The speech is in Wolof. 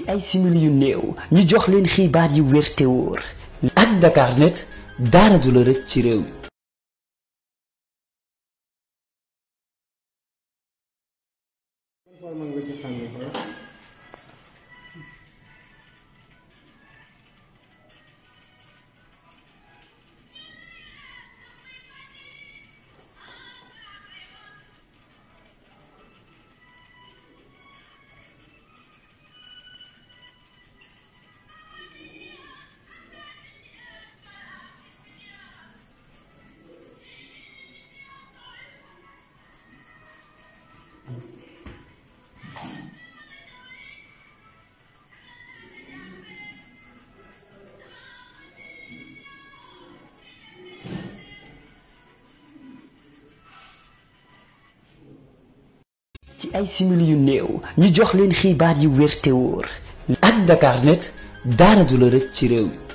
ci ay simili yu ñu jox leen xibaar yu wér wóor ak Dakarnet dara du la ci réew ci ay simili yu néew ñu jox leen xibaar yu wér ak Dakarnet net du la ci réew mi.